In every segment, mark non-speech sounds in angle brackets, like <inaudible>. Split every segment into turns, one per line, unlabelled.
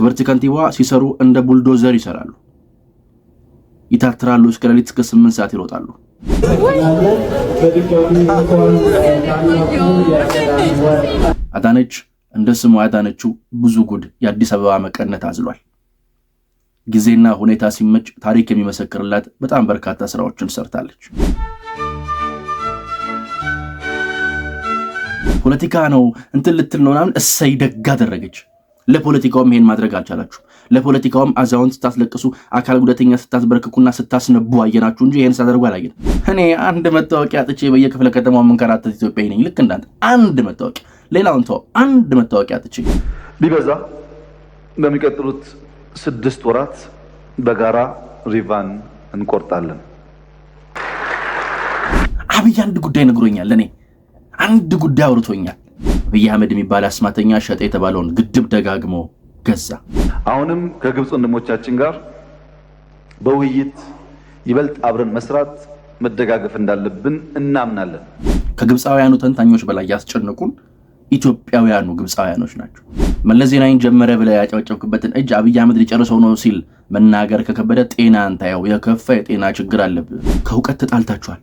ትምህርት ከንቲባ ሲሰሩ እንደ ቡልዶዘር ይሰራሉ፣ ይታትራሉ። እስከ ሌሊት እስከ ስምንት ሰዓት ይሮጣሉ። አዳነች እንደ ስሙ ያዳነችው ብዙ ጉድ የአዲስ አበባ መቀነት አዝሏል። ጊዜና ሁኔታ ሲመች ታሪክ የሚመሰክርላት በጣም በርካታ ስራዎችን ሰርታለች። ፖለቲካ ነው እንትን ልትል ነው ምናምን እሰይ ደግ አደረገች። ለፖለቲካውም ይሄን ማድረግ አልቻላችሁም። ለፖለቲካውም አዛውንት ስታስለቅሱ፣ አካል ጉዳተኛ ስታስበርክኩና ስታስነቡ አየናችሁ እንጂ ይሄን ስታደርጉ አላየን። እኔ አንድ መታወቂያ አጥቼ በየክፍለ ከተማው የምንከራተት ኢትዮጵያ ነኝ። ልክ እንዳንተ አንድ መታወቂያ፣ ሌላውን ተው፣ አንድ መታወቂያ አጥቼ
ቢበዛ በሚቀጥሉት ስድስት ወራት በጋራ ሪቫን እንቆርጣለን።
አብይ አንድ ጉዳይ ነግሮኛል። እኔ አንድ ጉዳይ አውርቶኛል። አብይ አህመድ የሚባል አስማተኛ ሸጠ የተባለውን ግድብ ደጋግሞ ገዛ።
አሁንም ከግብፅ ወንድሞቻችን ጋር በውይይት ይበልጥ አብረን መስራት መደጋገፍ እንዳለብን እናምናለን።
ከግብፃውያኑ ተንታኞች በላይ ያስጨንቁን ኢትዮጵያውያኑ ግብፃውያኖች ናቸው። መለስ ዜናዊን ጀመረ ብለህ ያጨበጨብክበትን እጅ አብይ አህመድ ሊጨርሰው ነው ሲል መናገር ከከበደ ጤና እንታየው። የከፋ የጤና ችግር አለብህ። ከእውቀት ተጣልታችኋል።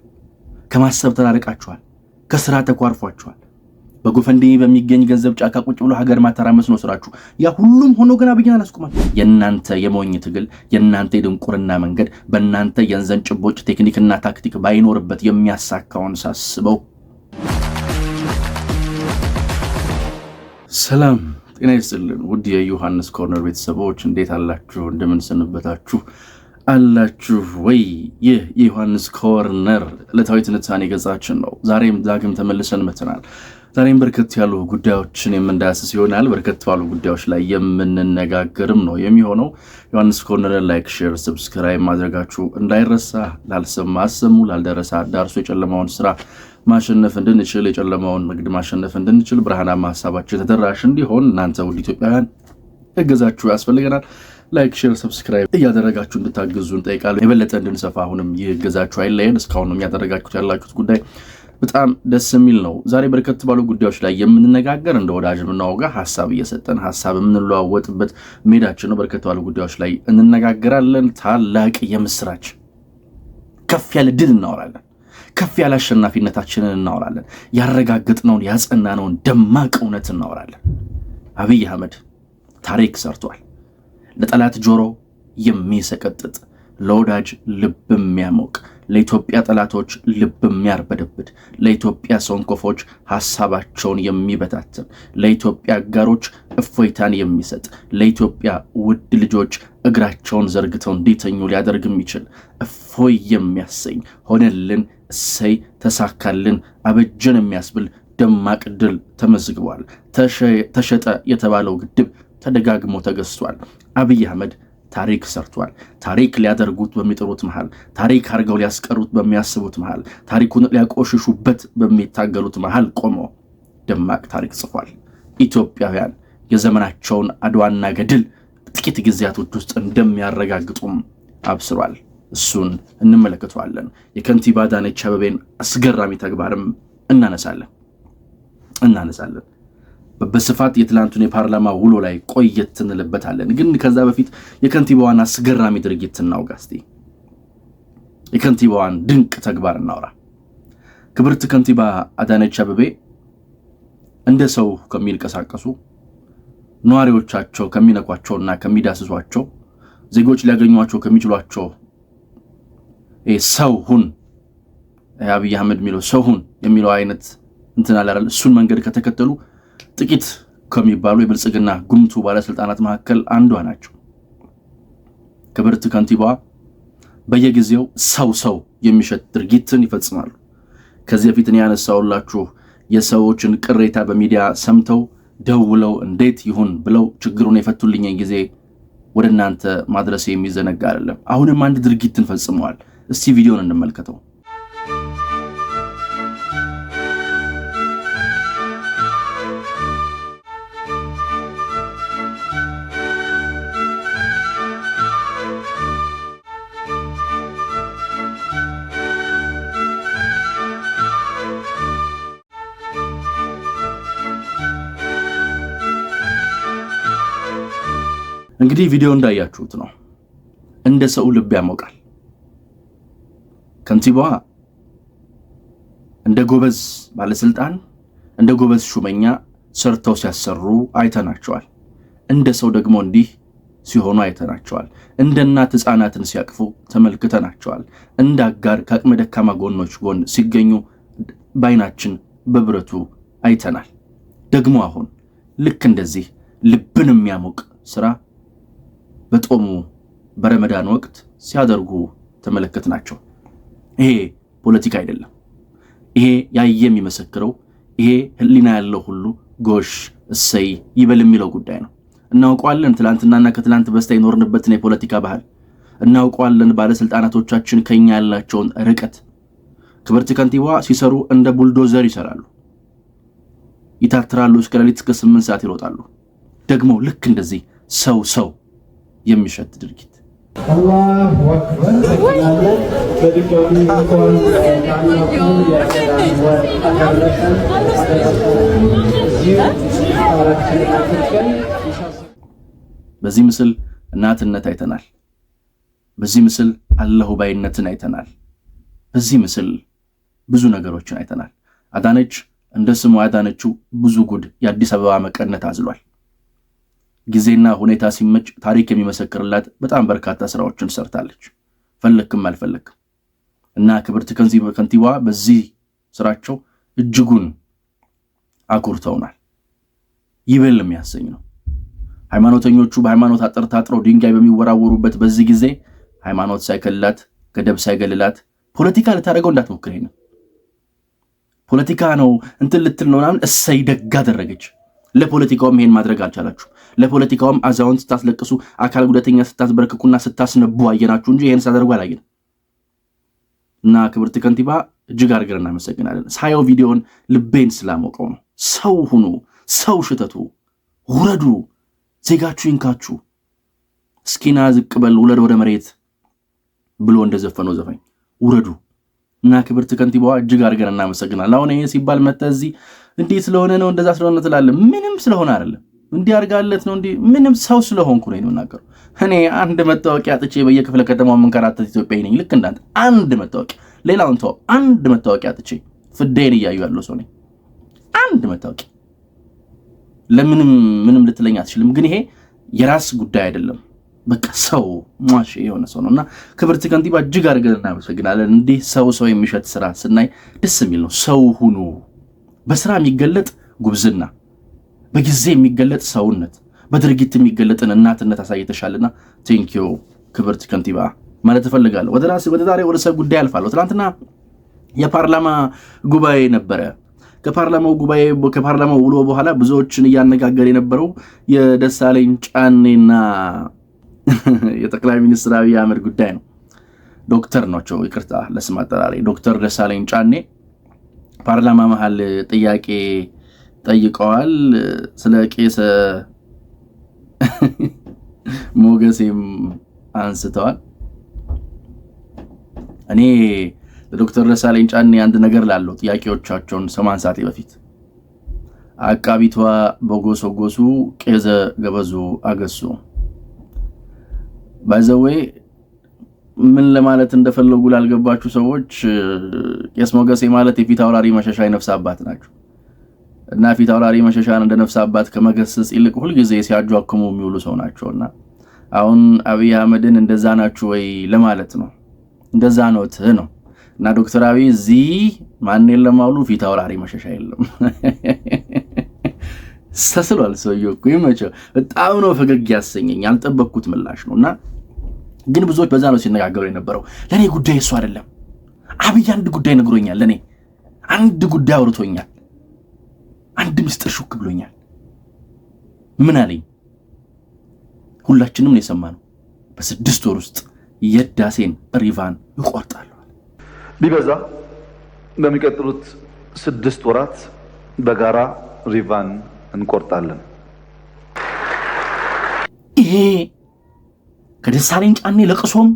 ከማሰብ ተራርቃችኋል። ከስራ ተኳርፏችኋል። በጎፈንዴ በሚገኝ ገንዘብ ጫካ ቁጭ ብሎ ሀገር ማተራመስ ነው ስራችሁ። ያ ሁሉም ሆኖ ግን አብይን አላስቆማል። የእናንተ የሞኝ ትግል፣ የእናንተ የድንቁርና መንገድ በእናንተ የንዘን ጭቦጭ ቴክኒክና ታክቲክ ባይኖርበት የሚያሳካውን ሳስበው ሰላም ጤና ይስጥልን ውድ የዮሐንስ ኮርነር ቤተሰቦች እንዴት አላችሁ? እንደምን ሰነበታችሁ አላችሁ ወይ? ይህ የዮሐንስ ኮርነር ዕለታዊ ትንታኔ ገጻችን ነው። ዛሬም ዳግም ተመልሰን መትናል። ዛሬም በርከት ያሉ ጉዳዮችን የምንዳስስ ይሆናል። በርከት ባሉ ጉዳዮች ላይ የምንነጋገርም ነው የሚሆነው። ዮሐንስ ኮርነር ላይክ፣ ሼር፣ ሰብስክራይብ ማድረጋችሁ እንዳይረሳ። ላልሰማ አሰሙ፣ ላልደረሰ አዳርሶ። የጨለማውን ስራ ማሸነፍ እንድንችል፣ የጨለማውን ንግድ ማሸነፍ እንድንችል ብርሃናማ ሀሳባችን ተደራሽ እንዲሆን እናንተ ውድ ኢትዮጵያውያን እገዛችሁ ያስፈልገናል። ላይክ ሼር ሰብስክራይብ እያደረጋችሁ እንድታግዙ እንጠይቃለን። የበለጠ እንድንሰፋ አሁንም ይህ እገዛችሁ አይለየን። እስካሁን የሚያደረጋችሁት ያላችሁት ጉዳይ በጣም ደስ የሚል ነው። ዛሬ በርከት ባሉ ጉዳዮች ላይ የምንነጋገር እንደ ወዳጅ የምናወጋ ሀሳብ እየሰጠን ሀሳብ የምንለዋወጥበት ሜዳችን ነው። በርከት ባሉ ጉዳዮች ላይ እንነጋገራለን። ታላቅ የምስራች ከፍ ያለ ድል እናወራለን። ከፍ ያለ አሸናፊነታችንን እናወራለን። ያረጋግጥነውን ያጸናነውን ደማቅ እውነት እናወራለን። አብይ አህመድ ታሪክ ሰርቷል። ለጠላት ጆሮ የሚሰቀጥጥ ለወዳጅ ልብ የሚያሞቅ ለኢትዮጵያ ጠላቶች ልብ የሚያርበደብድ፣ ለኢትዮጵያ ሰንኮፎች ሀሳባቸውን የሚበታትን፣ ለኢትዮጵያ አጋሮች እፎይታን የሚሰጥ፣ ለኢትዮጵያ ውድ ልጆች እግራቸውን ዘርግተው እንዲተኙ ሊያደርግ የሚችል እፎይ የሚያሰኝ ሆነልን፣ እሰይ፣ ተሳካልን፣ አበጀን የሚያስብል ደማቅ ድል ተመዝግቧል። ተሸጠ የተባለው ግድብ ተደጋግሞ ተገዝቷል። አብይ አህመድ ታሪክ ሰርቷል። ታሪክ ሊያደርጉት በሚጥሩት መሃል፣ ታሪክ አድርገው ሊያስቀሩት በሚያስቡት መሃል፣ ታሪኩን ሊያቆሽሹበት በሚታገሉት መሃል ቆሞ ደማቅ ታሪክ ጽፏል። ኢትዮጵያውያን የዘመናቸውን አድዋና ገድል ጥቂት ጊዜያቶች ውስጥ እንደሚያረጋግጡም አብስሯል። እሱን እንመለከተዋለን። የከንቲባ አዳነች አስገራሚ ተግባርም እናነሳለን እናነሳለን። በስፋት የትላንቱን የፓርላማ ውሎ ላይ ቆየት እንልበታለን። ግን ከዛ በፊት የከንቲባዋን አስገራሚ ድርጊት እናውጋ እስቲ። የከንቲባዋን ድንቅ ተግባር እናውራ። ክብርት ከንቲባ አዳነች አበቤ እንደ ሰው ከሚንቀሳቀሱ ነዋሪዎቻቸው ከሚነኳቸውና ከሚዳስሷቸው ዜጎች ሊያገኟቸው ከሚችሏቸው ሰው ሁን አብይ አህመድ የሚለው ሰው ሁን የሚለው አይነት እንትን አላል እሱን መንገድ ከተከተሉ ጥቂት ከሚባሉ የብልጽግና ጉምቱ ባለስልጣናት መካከል አንዷ ናቸው። ክብርት ከንቲባ በየጊዜው ሰው ሰው የሚሸት ድርጊትን ይፈጽማሉ። ከዚህ በፊት እኔ ያነሳውላችሁ የሰዎችን ቅሬታ በሚዲያ ሰምተው ደውለው እንዴት ይሁን ብለው ችግሩን የፈቱልኝ ጊዜ ወደ እናንተ ማድረስ የሚዘነጋ አይደለም። አሁንም አንድ ድርጊትን ፈጽመዋል። እስቲ ቪዲዮን እንመልከተው። እንግዲህ ቪዲዮ እንዳያችሁት ነው። እንደ ሰው ልብ ያሞቃል። ከንቲባዋ እንደ ጎበዝ ባለስልጣን፣ እንደ ጎበዝ ሹመኛ ሰርተው ሲያሰሩ አይተናቸዋል። እንደ ሰው ደግሞ እንዲህ ሲሆኑ አይተናቸዋል። እንደ እናት ሕፃናትን ሲያቅፉ ተመልክተናቸዋል። እንደ አጋር ከአቅመ ደካማ ጎኖች ጎን ሲገኙ በአይናችን በብረቱ አይተናል። ደግሞ አሁን ልክ እንደዚህ ልብን የሚያሞቅ ስራ በጦሙ በረመዳን ወቅት ሲያደርጉ ተመለከት ናቸው። ይሄ ፖለቲካ አይደለም። ይሄ ያየ የሚመሰክረው ይሄ ህሊና ያለው ሁሉ ጎሽ እሰይ ይበል የሚለው ጉዳይ ነው። እናውቀዋለን ትላንትናና ከትላንት በስታ የኖርንበትን የፖለቲካ ባህል እናውቀዋለን። ባለስልጣናቶቻችን ከኛ ያላቸውን ርቀት ክብርት ከንቲባ ሲሰሩ እንደ ቡልዶዘር ይሰራሉ፣ ይታትራሉ። እስከ ሌሊት እስከ ስምንት ሰዓት ይሮጣሉ። ደግሞ ልክ እንደዚህ ሰው ሰው የሚሸት ድርጊት። በዚህ ምስል እናትነት አይተናል። በዚህ ምስል አለሁ ባይነትን አይተናል። በዚህ ምስል ብዙ ነገሮችን አይተናል። አዳነች እንደ ስሙ ያዳነችው ብዙ ጉድ የአዲስ አበባ መቀነት አዝሏል። ጊዜና ሁኔታ ሲመች ታሪክ የሚመሰክርላት በጣም በርካታ ስራዎችን ሰርታለች። ፈለክም አልፈለክም እና ክብርት ከንቲባ በዚህ ስራቸው እጅጉን አኩርተውናል። ይበል የሚያሰኝ ነው። ሃይማኖተኞቹ በሃይማኖት አጥር ታጥረው ድንጋይ በሚወራወሩበት በዚህ ጊዜ ሃይማኖት ሳይከልላት ገደብ ሳይገልላት ፖለቲካ ልታደርገው እንዳትሞክር ነው። ፖለቲካ ነው እንትን ልትል ነው ምናምን። እሰይ ደግ አደረገች። ለፖለቲካውም ይሄን ማድረግ አልቻላችሁ። ለፖለቲካውም አዛውንት ስታስለቅሱ፣ አካል ጉዳተኛ ስታስበረክኩና ስታስነቡ አየናችሁ እንጂ ይህን ሳደርጉ አላየን እና ክብርት ከንቲባ እጅግ አድርገን እናመሰግናለን። ሳየው ቪዲዮን ልቤን ስላሞቀው ነው። ሰው ሁኑ፣ ሰው ሽተቱ፣ ውረዱ፣ ዜጋችሁ ይንካችሁ፣ እስኪና ዝቅ በል ውለድ ወደ መሬት ብሎ እንደዘፈነው ዘፋኝ ውረዱ እና ክብርት ከንቲባዋ እጅግ አድርገን እናመሰግናለን። አሁን ይሄ ሲባል መጥተህ እዚህ እንዴት ስለሆነ ነው እንደዛ ስለሆነ ትላለህ። ምንም ስለሆነ አይደለም። እንዲያርጋለት ነው እንዲ ምንም ሰው ስለሆንኩ ነው የምናገረው። እኔ አንድ መታወቂያ አጥቼ በየክፍለ ከተማው መንከራተት ኢትዮጵያዊ ነኝ። ልክ እንዳንተ አንድ መታወቂያ ሌላውን ተው፣ አንድ መታወቂያ አጥቼ ፍዳይን እያዩ ያለው ሰው ነኝ። አንድ መታወቂያ ለምንም ምንም ልትለኝ አትችልም። ግን ይሄ የራስ ጉዳይ አይደለም። በቃ ሰው ማሽ የሆነ ሰው ነው እና ክብርት ከንቲባ እጅግ አድርገን እናመሰግናለን። እንዲህ ሰው ሰው የሚሸት ስራ ስናይ ደስ የሚል ነው። ሰው ሁኑ። በስራ የሚገለጥ ጉብዝና በጊዜ የሚገለጥ ሰውነት፣ በድርጊት የሚገለጥን እናትነት አሳይተሻልና ቴንኪዮ ክብርት ከንቲባ ማለት እፈልጋለሁ። ወደ ዛሬ ወደ ሰብ ጉዳይ አልፋለሁ። ትናንትና የፓርላማ ጉባኤ ነበረ። ከፓርላማው ጉባኤ ከፓርላማው ውሎ በኋላ ብዙዎችን እያነጋገር የነበረው የደሳለኝ ጫኔና <laughs> የጠቅላይ ሚኒስትር አብይ አህመድ ጉዳይ ነው። ዶክተር ናቸው፣ ይቅርታ ለስም አጠራሪ ዶክተር ደሳለኝ ጫኔ ፓርላማ መሀል ጥያቄ ጠይቀዋል። ስለ ቄሰ ሞገሴም አንስተዋል። እኔ ለዶክተር ደሳለኝ ጫኔ አንድ ነገር ላለው ጥያቄዎቻቸውን ከማንሳቴ በፊት አቃቢቷ በጎሶጎሱ ቄዘ ገበዙ አገሱ ባይዘዌ ምን ለማለት እንደፈለጉ ላልገባችሁ ሰዎች ቄስ ሞገሴ ማለት የፊት አውራሪ መሸሻ የነፍስ አባት ናቸው። እና ፊት አውራሪ መሸሻን እንደ ነፍስ አባት ከመገሰጽ ይልቅ ሁልጊዜ ሲያጇክሙ የሚውሉ ሰው ናቸውና አሁን አብይ አህመድን እንደዛ ናችሁ ወይ ለማለት ነው። እንደዛ ኖት ነው። እና ዶክተር አብይ እዚህ ማን የለም አሉ ፊት አውራሪ መሸሻ የለም ሰስሏል <laughs> ሰውዬው እኮ ይመቸው። በጣም ነው ፈገግ ያሰኘኝ። ያልጠበቅኩት ምላሽ ነው እና ግን ብዙዎች በዛ ነው ሲነጋገሩ የነበረው። ለእኔ ጉዳይ እሱ አይደለም። አብይ አንድ ጉዳይ ነግሮኛል። ለእኔ አንድ ጉዳይ አውርቶኛል አንድ ምስጢር ሹክ ብሎኛል። ምን አለኝ? ሁላችንም ነው የሰማነው። በስድስት ወር ውስጥ የህዳሴን ሪቫን ይቆርጣለዋል።
ቢበዛ በሚቀጥሉት ስድስት ወራት በጋራ ሪቫን እንቆርጣለን።
ይሄ ከደሳለኝ ጫኔ ለቅሶም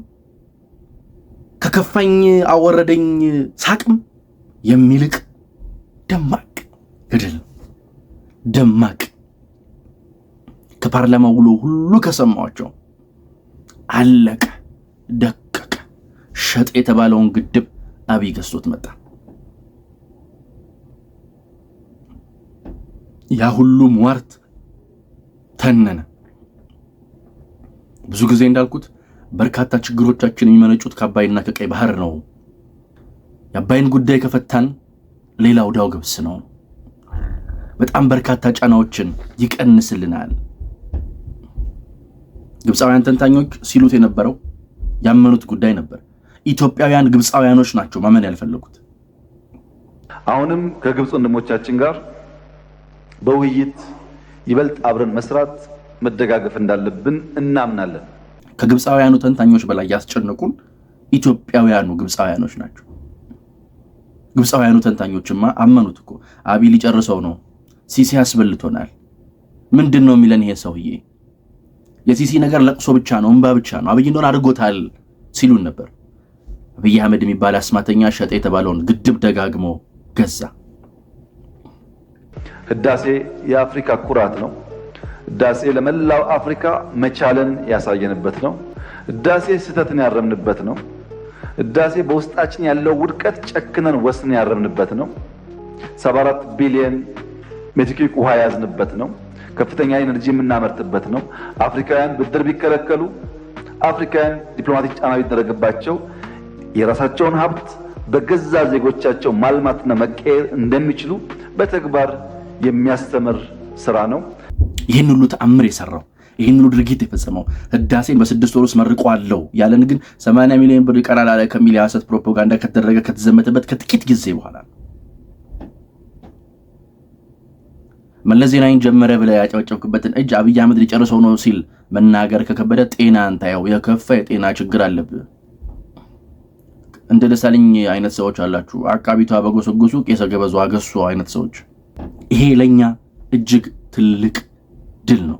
ከከፋኝ አወረደኝ ሳቅም የሚልቅ ደማቅ ገድል ነው። ደማቅ ከፓርላማ ውሎ ሁሉ ከሰማቸው አለቀ፣ ደቀቀ። ሸጥ የተባለውን ግድብ አብይ ገዝቶት መጣ። ያ ሁሉ ሟርት ተነነ። ብዙ ጊዜ እንዳልኩት በርካታ ችግሮቻችን የሚመነጩት ከአባይና ከቀይ ባህር ነው። የአባይን ጉዳይ ከፈታን ሌላው ዳው ገብስ ነው። በጣም በርካታ ጫናዎችን ይቀንስልናል። ግብፃውያን ተንታኞች ሲሉት የነበረው ያመኑት ጉዳይ ነበር። ኢትዮጵያውያን ግብፃውያኖች ናቸው ማመን ያልፈለጉት።
አሁንም ከግብፅ ወንድሞቻችን ጋር በውይይት ይበልጥ አብረን መስራት መደጋገፍ እንዳለብን እናምናለን።
ከግብፃውያኑ ተንታኞች በላይ ያስጨነቁን ኢትዮጵያውያኑ ግብፃውያኖች ናቸው። ግብፃውያኑ ተንታኞችማ አመኑት እኮ አብይ ሊጨርሰው ነው ሲሲ አስበልቶናል። ምንድን ነው የሚለን ይሄ ሰውዬ? የሲሲ ነገር ለቅሶ ብቻ ነው፣ እንባ ብቻ ነው። አብይ እንደሆነ አድርጎታል ሲሉን ነበር። አብይ አህመድ የሚባል አስማተኛ ሸጠ የተባለውን ግድብ ደጋግሞ ገዛ።
ህዳሴ የአፍሪካ ኩራት ነው። ህዳሴ ለመላው አፍሪካ መቻለን ያሳየንበት ነው። ህዳሴ ስህተትን ያረምንበት ነው። ህዳሴ በውስጣችን ያለው ውድቀት ጨክነን ወስነን ያረምንበት ነው። 74 ቢሊዮን ሜትሪክ ውሃ የያዝንበት ነው። ከፍተኛ ኤነርጂ የምናመርትበት ነው። አፍሪካውያን ብድር ቢከለከሉ፣ አፍሪካውያን ዲፕሎማቲክ ጫና ቢደረግባቸው የራሳቸውን ሀብት በገዛ ዜጎቻቸው ማልማትና መቀየር እንደሚችሉ በተግባር የሚያስተምር ስራ ነው።
ይህን ሁሉ ተአምር የሰራው ይህን ሁሉ ድርጊት የፈጸመው ህዳሴን በስድስት ወር ውስጥ መርቋለው ያለን ግን 80 ሚሊዮን ብር ይቀራል አለ ከሚል የሐሰት ፕሮፓጋንዳ ከተደረገ ከተዘመተበት ከጥቂት ጊዜ በኋላ ነው። መለስ ዜናዊን ጀመረ ብለ ያጨበጨብክበትን እጅ አብይ አህመድ ሊጨርሰው ነው ሲል መናገር ከከበደ ጤና እንታየው የከፋ የጤና ችግር አለብህ። እንደ ደሳለኝ አይነት ሰዎች አላችሁ። አቃቢቷ በጎሰጎሱ ቄሰ ገበዙ አገሱ አይነት ሰዎች። ይሄ ለእኛ እጅግ ትልቅ ድል ነው።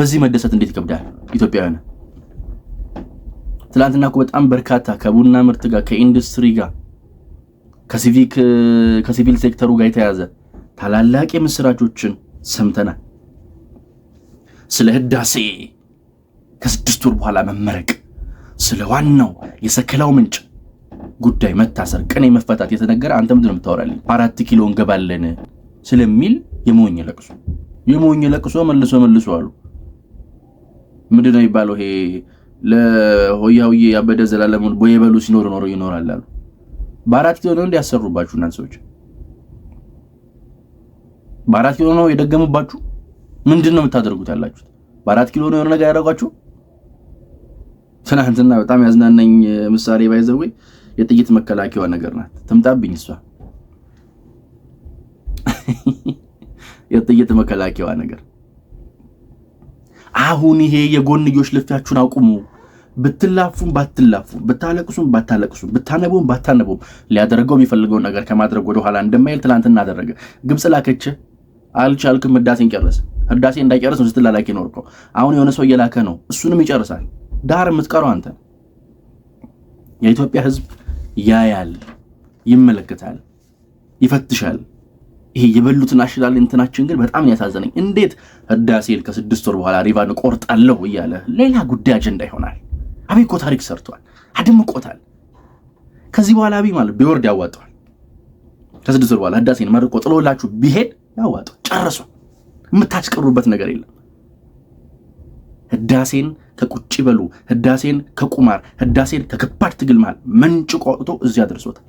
በዚህ መደሰት እንዴት ይከብዳል? ኢትዮጵያውያን ትላንትና እኮ በጣም በርካታ ከቡና ምርት ጋር ከኢንዱስትሪ ጋር ከሲቪክ ከሲቪል ሴክተሩ ጋር የተያዘ ታላላቅ የምስራቾችን ሰምተናል። ስለ ህዳሴ ከስድስት ወር በኋላ መመረቅ፣ ስለ ዋናው የሰከላው ምንጭ ጉዳይ መታሰር፣ ቀኔ መፈታት የተነገረ አንተ ምንድን ነው የምታወራልኝ? አራት ኪሎ እንገባለን ስለሚል የሞኝ ለቅሶ የሞኝ ለቅሶ መልሶ መልሶ አሉ። ምንድን ነው የሚባለው? ይሄ ለሆያውዬ ያበደ ዘላለሙን ቦዬ ሲኖር ኖሮ ይኖራል አሉ። በአራት ኪሎ ነው እንዲያሰሩባችሁ እናንተ ሰዎች በአራት ኪሎ ነው የደገሙባችሁ? ምንድን ነው የምታደርጉት ያላችሁት? በአራት ኪሎ ነው የሆነ ነገር ያደረጓችሁ? ትናንትና በጣም ያዝናናኝ ምሳሌ ባይዘዌ የጥይት መከላከያ ነገር ናት። ትምጣብኝ እሷ <laughs> የጥይት መከላከያ ነገር። አሁን ይሄ የጎንዮሽ ልፊያችሁን አቁሙ። ብትላፉም ባትላፉም ብታለቅሱም ባታለቅሱም ብታነቡም ባታነቡም ሊያደርገው የሚፈልገውን ነገር ከማድረግ ወደኋላ እንደማይል ትናንትና አደረገ። ግብፅ ላከች። አልቻልክም፣ ህዳሴን ጨርስ። ህዳሴ እንዳይጨርስ ነው ስትላላክ የኖርከው። አሁን የሆነ ሰው እየላከ ነው፣ እሱንም ይጨርሳል። ዳር የምትቀረው አንተ። የኢትዮጵያ ህዝብ ያያል፣ ይመለከታል፣ ይፈትሻል። ይሄ የበሉትን አሽላል እንትናችን ግን በጣም ያሳዘነኝ፣ እንዴት ህዳሴን ከስድስት ወር በኋላ ሪቫን ቆርጣለሁ እያለ ሌላ ጉዳይ አጀንዳ ይሆናል። አብይ እኮ ታሪክ ሰርቷል፣ አድምቆታል። ከዚህ በኋላ አብይ ማለት ቢወርድ ያዋጠዋል። ከስድስት ወር በኋላ ህዳሴን መርቆ ጥሎላችሁ ቢሄድ ያዋጡ ጨርሱ። የምታስቀሩበት ነገር የለም። ህዳሴን ከቁጭ በሉ፣ ህዳሴን ከቁማር፣ ህዳሴን ከከባድ ትግል መሃል መንጭቆ አውጥቶ እዚያ አድርሶታል።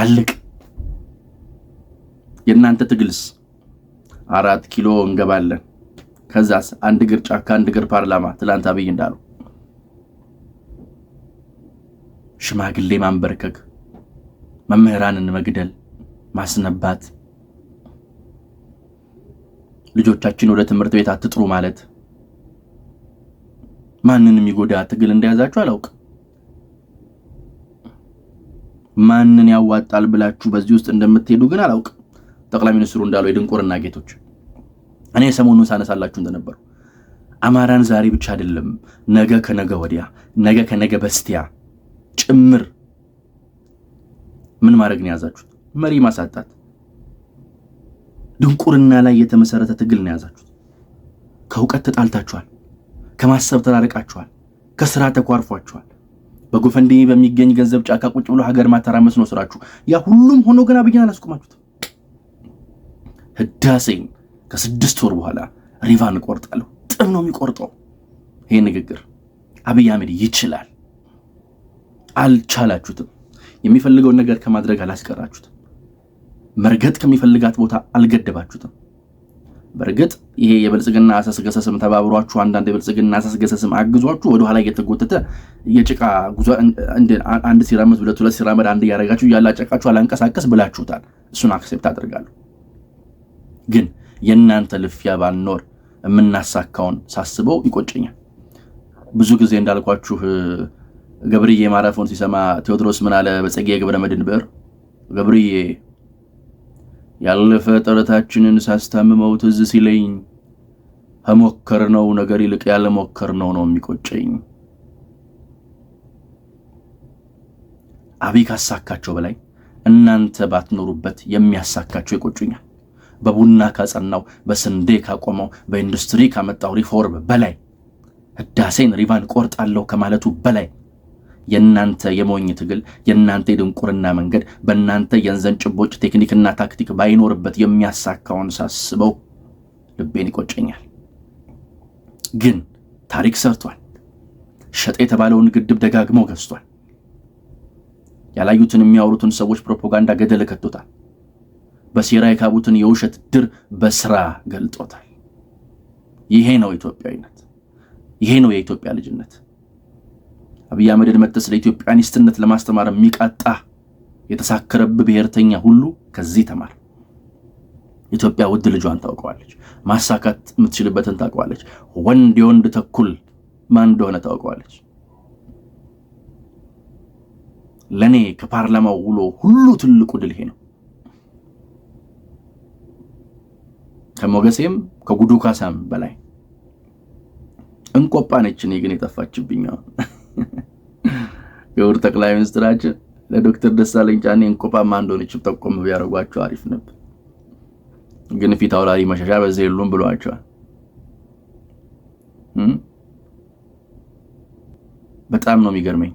አልቅ የእናንተ ትግልስ አራት ኪሎ እንገባለን። ከዛስ አንድ እግር ጫካ አንድ እግር ፓርላማ። ትላንት አብይ እንዳሉ ሽማግሌ ማንበርከክ፣ መምህራንን መግደል ማስነባት፣ ልጆቻችን ወደ ትምህርት ቤት አትጥሩ ማለት ማንን የሚጎዳ ትግል እንደያዛችሁ አላውቅ? ማንን ያዋጣል ብላችሁ በዚህ ውስጥ እንደምትሄዱ ግን አላውቅ? ጠቅላይ ሚኒስትሩ እንዳለው የድንቁርና ጌቶች እኔ ሰሞኑን ሳነሳላችሁ እንደነበሩ አማራን ዛሬ ብቻ አይደለም ነገ ከነገ ወዲያ ነገ ከነገ በስቲያ ጭምር ምን ማድረግ ነው የያዛችሁት? መሪ ማሳጣት ድንቁርና ላይ የተመሰረተ ትግል ነው የያዛችሁት። ከእውቀት ተጣልታችኋል። ከማሰብ ተራርቃችኋል። ከስራ ተኳርፏችኋል። በጎፈንድሜ በሚገኝ ገንዘብ ጫካ ቁጭ ብሎ ሀገር ማተራመስ ነው ስራችሁ። ያ ሁሉም ሆኖ ግን አብይን አላስቆማችሁት። ህዳሴን ከስድስት ወር በኋላ ሪቫን እቆርጣለሁ። ጥም ነው የሚቆርጠው ይሄ ንግግር። አብይ አህመድ ይችላል። አልቻላችሁትም። የሚፈልገውን ነገር ከማድረግ አላስቀራችሁትም። መርገጥ ከሚፈልጋት ቦታ አልገደባችሁትም። በእርግጥ ይሄ የብልጽግና አሰስገሰስም ተባብሯችሁ አንዳንድ የብልጽግና አሰስገሰስም አግዟችሁ ወደኋላ እየተጎተተ የጭቃ ጉዞ አንድ ሲራመድ ሁለት ሁለት ሲራመድ አንድ እያደረጋችሁ እያላጨቃችሁ አላንቀሳቀስ ብላችሁታል። እሱን አክሴፕት አድርጋለሁ። ግን የእናንተ ልፍያ ባልኖር የምናሳካውን ሳስበው ይቆጨኛል። ብዙ ጊዜ እንዳልኳችሁ ገብርዬ ማረፎን ሲሰማ ቴዎድሮስ ምን አለ? በጸጌ የገብረ መድን ብዕር ገብርዬ ያለፈ ጥረታችንን ሳስታምመው ትዝ ሲለኝ ከሞከርነው ነገር ይልቅ ያለሞከርነው ነው የሚቆጨኝ። አብይ ካሳካቸው በላይ እናንተ ባትኖሩበት የሚያሳካቸው ይቆጩኛል። በቡና ካጸናው፣ በስንዴ ካቆመው፣ በኢንዱስትሪ ካመጣው ሪፎርም በላይ ህዳሴን ሪቫን ቆርጣለሁ ከማለቱ በላይ የእናንተ የሞኝ ትግል የእናንተ የድንቁርና መንገድ በእናንተ የንዘን ጭቦች ቴክኒክና ታክቲክ ባይኖርበት የሚያሳካውን ሳስበው ልቤን ይቆጨኛል። ግን ታሪክ ሰርቷል። ሸጠ የተባለውን ግድብ ደጋግሞ ገዝቷል። ያላዩትን የሚያወሩትን ሰዎች ፕሮፓጋንዳ ገደል ከቶታል። በሴራ የካቡትን የውሸት ድር በስራ ገልጦታል። ይሄ ነው ኢትዮጵያዊነት። ይሄ ነው የኢትዮጵያ ልጅነት። አብይ አህመድን መጥተህ ስለ ኢትዮጵያኒስትነት ለማስተማር የሚቃጣ የተሳከረብ ብሔርተኛ ሁሉ ከዚህ ተማር። ኢትዮጵያ ውድ ልጇን ታውቀዋለች። ማሳካት የምትችልበትን ታውቀዋለች። ወንድ የወንድ ተኩል ማን እንደሆነ ታውቀዋለች። ለእኔ ከፓርላማው ውሎ ሁሉ ትልቁ ድል ይሄ ነው። ከሞገሴም ከጉዱ ካሳም በላይ እንቆጳ ነች። እኔ ግን የጠፋችብኛው የወር ጠቅላይ ሚኒስትራችን ለዶክተር ደሳለኝ ጫኔ እንቆፋማ እንደሆነች ጠቆም ቢያደርጓቸው አሪፍ ነበር፣ ግን ፊት አውራሪ መሻሻ በዚህ የሉም ብሏቸዋል። በጣም ነው የሚገርመኝ።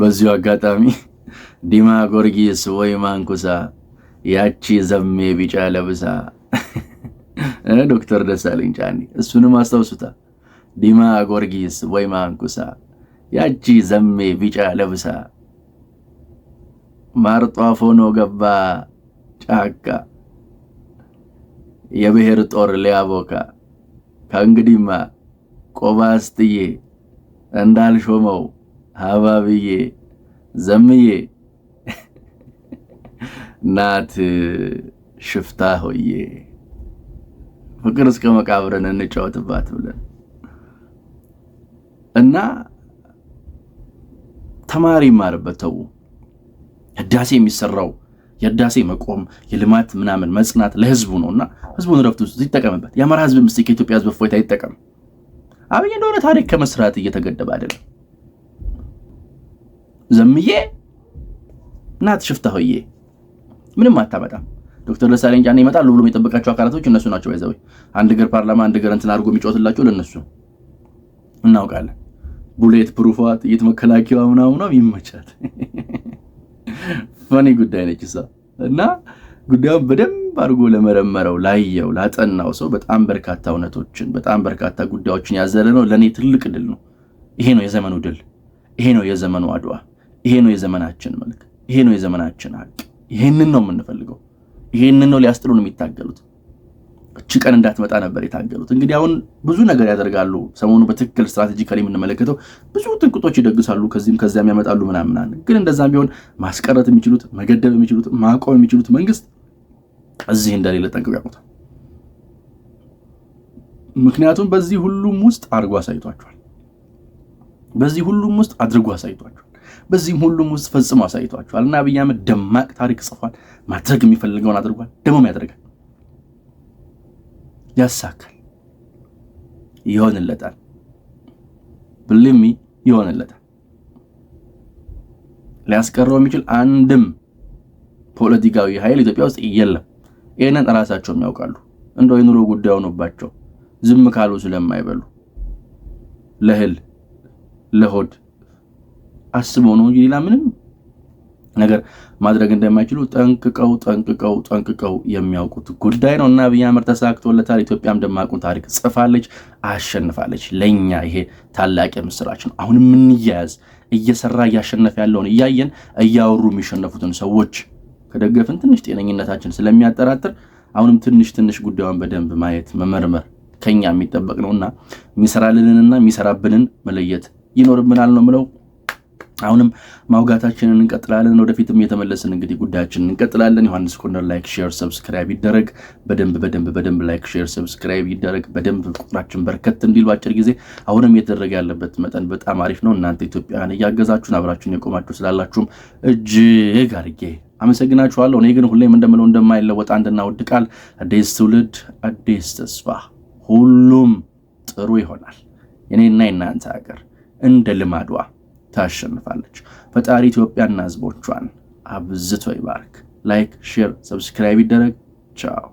በዚሁ አጋጣሚ ዲማ ጎርጊስ ወይ ማንኩሳ ያቺ ዘሜ ቢጫ ለብሳ ዶክተር ደሳለኝ ጫኔ እሱንም አስታውሱታል። ዲማ ጎርጊስ ወይ ማንኩሳ ያቺ ዘሜ ቢጫ ለብሳ ማርጧፎ ነው ገባ ጫካ የብሔር ጦር ሊያቦካ ከእንግዲማ ቆባስጥዬ እንዳልሾመው ሀባብዬ ዘምዬ <laughs> ናት ሽፍታ ሆዬ ፍቅር እስከ መቃብርን እንጫወትባት ብለን እና ተማሪ ይማርበት ተዉ። ህዳሴ የሚሰራው የህዳሴ መቆም የልማት ምናምን መጽናት ለህዝቡ ነው እና ህዝቡን ረፍት ውስጥ ይጠቀምበት። የአማራ ህዝብ ምስ ከኢትዮጵያ ህዝብ ፎይታ ይጠቀም። አብይ እንደሆነ ታሪክ ከመስራት እየተገደበ አይደለም። ዘምዬ ናት ሽፍታ ሆዬ ምንም አታመጣም። ዶክተር ደሳለኝ ጫኔ ይመጣሉ ብሎ የጠበቃቸው አካላቶች እነሱ ናቸው። ይዘው አንድ እግር ፓርላማ አንድ እግር እንትን አድርጎ የሚጫወትላቸው ለእነሱ እናውቃለን። ቡሌት ፕሩፏ ጥይት መከላከያዋ ምናምኗም ይመቻት። ፈኒ ጉዳይ ነች እሷ እና ጉዳዩን በደንብ አድርጎ ለመረመረው ላየው፣ ላጠናው ሰው በጣም በርካታ እውነቶችን በጣም በርካታ ጉዳዮችን ያዘለ ነው። ለእኔ ትልቅ ድል ነው። ይሄ ነው የዘመኑ ድል። ይሄ ነው የዘመኑ አድዋ። ይሄ ነው የዘመናችን መልክ። ይሄ ነው የዘመናችን ሀቅ። ይሄንን ነው የምንፈልገው። ይሄንን ነው ሊያስጥሉን የሚታገሉት። እቺ ቀን እንዳትመጣ ነበር የታገሉት። እንግዲህ አሁን ብዙ ነገር ያደርጋሉ። ሰሞኑ በትክክል ስትራቴጂካሊ የምንመለከተው ብዙ ጥንቅጦች ይደግሳሉ፣ ከዚህም ከዚያም ያመጣሉ ምናምናን። ግን እንደዛም ቢሆን ማስቀረት የሚችሉት መገደብ የሚችሉት ማቆም የሚችሉት መንግስት እዚህ እንደሌለ ጠንቅቀው ያውቁታል። ምክንያቱም በዚህ ሁሉም ውስጥ አድርጎ አሳይቷቸዋል። በዚህ ሁሉም ውስጥ አድርጎ አሳይቷቸዋል። በዚህም ሁሉም ውስጥ ፈጽሞ አሳይቷቸዋል። እና አብይ አህመድ ደማቅ ታሪክ ጽፏል። ማድረግ የሚፈልገውን አድርጓል፣ ደግሞም ያደርጋል። ያሳካል፣ ይሆንለታል። ብልሚ ይሆንለታል። ሊያስቀረው የሚችል አንድም ፖለቲካዊ ኃይል ኢትዮጵያ ውስጥ የለም። ይህንን እራሳቸውም ያውቃሉ። እንደው የኑሮ ጉዳይ ሆኖባቸው ዝም ካሉ ስለማይበሉ ለህል ለሆድ አስበው ነው እንጂ ሌላ ምንም ነገር ማድረግ እንደማይችሉ ጠንቅቀው ጠንቅቀው ጠንቅቀው የሚያውቁት ጉዳይ ነው እና አብይ አህመድ ተሳክቶለታል። ኢትዮጵያም ደማቁን ታሪክ ጽፋለች፣ አሸንፋለች። ለእኛ ይሄ ታላቅ የምስራች ነው። አሁን የምንያያዝ እየሰራ እያሸነፈ ያለውን እያየን እያወሩ የሚሸነፉትን ሰዎች ከደገፍን ትንሽ ጤነኝነታችን ስለሚያጠራጥር አሁንም ትንሽ ትንሽ ጉዳዩን በደንብ ማየት መመርመር ከኛ የሚጠበቅ ነውእና የሚሰራልንንና የሚሰራብንን መለየት ይኖርብናል ነው ምለው። አሁንም ማውጋታችንን እንቀጥላለን። ወደፊትም እየተመለስን እንግዲህ ጉዳያችንን እንቀጥላለን። ዮሐንስ ኮርነር ላይክ፣ ሼር፣ ሰብስክራይብ ይደረግ። በደንብ በደንብ በደንብ ላይክ፣ ሼር፣ ሰብስክራይብ ይደረግ በደንብ ቁጥራችን በርከት እንዲል በአጭር ጊዜ አሁንም እየተደረገ ያለበት መጠን በጣም አሪፍ ነው። እናንተ ኢትዮጵያውያን እያገዛችሁን አብራችሁን የቆማችሁ ስላላችሁም እጅግ አርጌ አመሰግናችኋለሁ። እኔ ግን ሁሌም እንደምለው እንደማይለወጥ አንድና ውድ ቃል አዲስ ትውልድ አዲስ ተስፋ፣ ሁሉም ጥሩ ይሆናል። እኔና የናንተ ሀገር እንደ ልማዷ ታሸንፋለች። ፈጣሪ ኢትዮጵያና ህዝቦቿን አብዝቶ ይባርክ። ላይክ፣ ሼር፣ ሰብስክራይብ ይደረግ። ቻው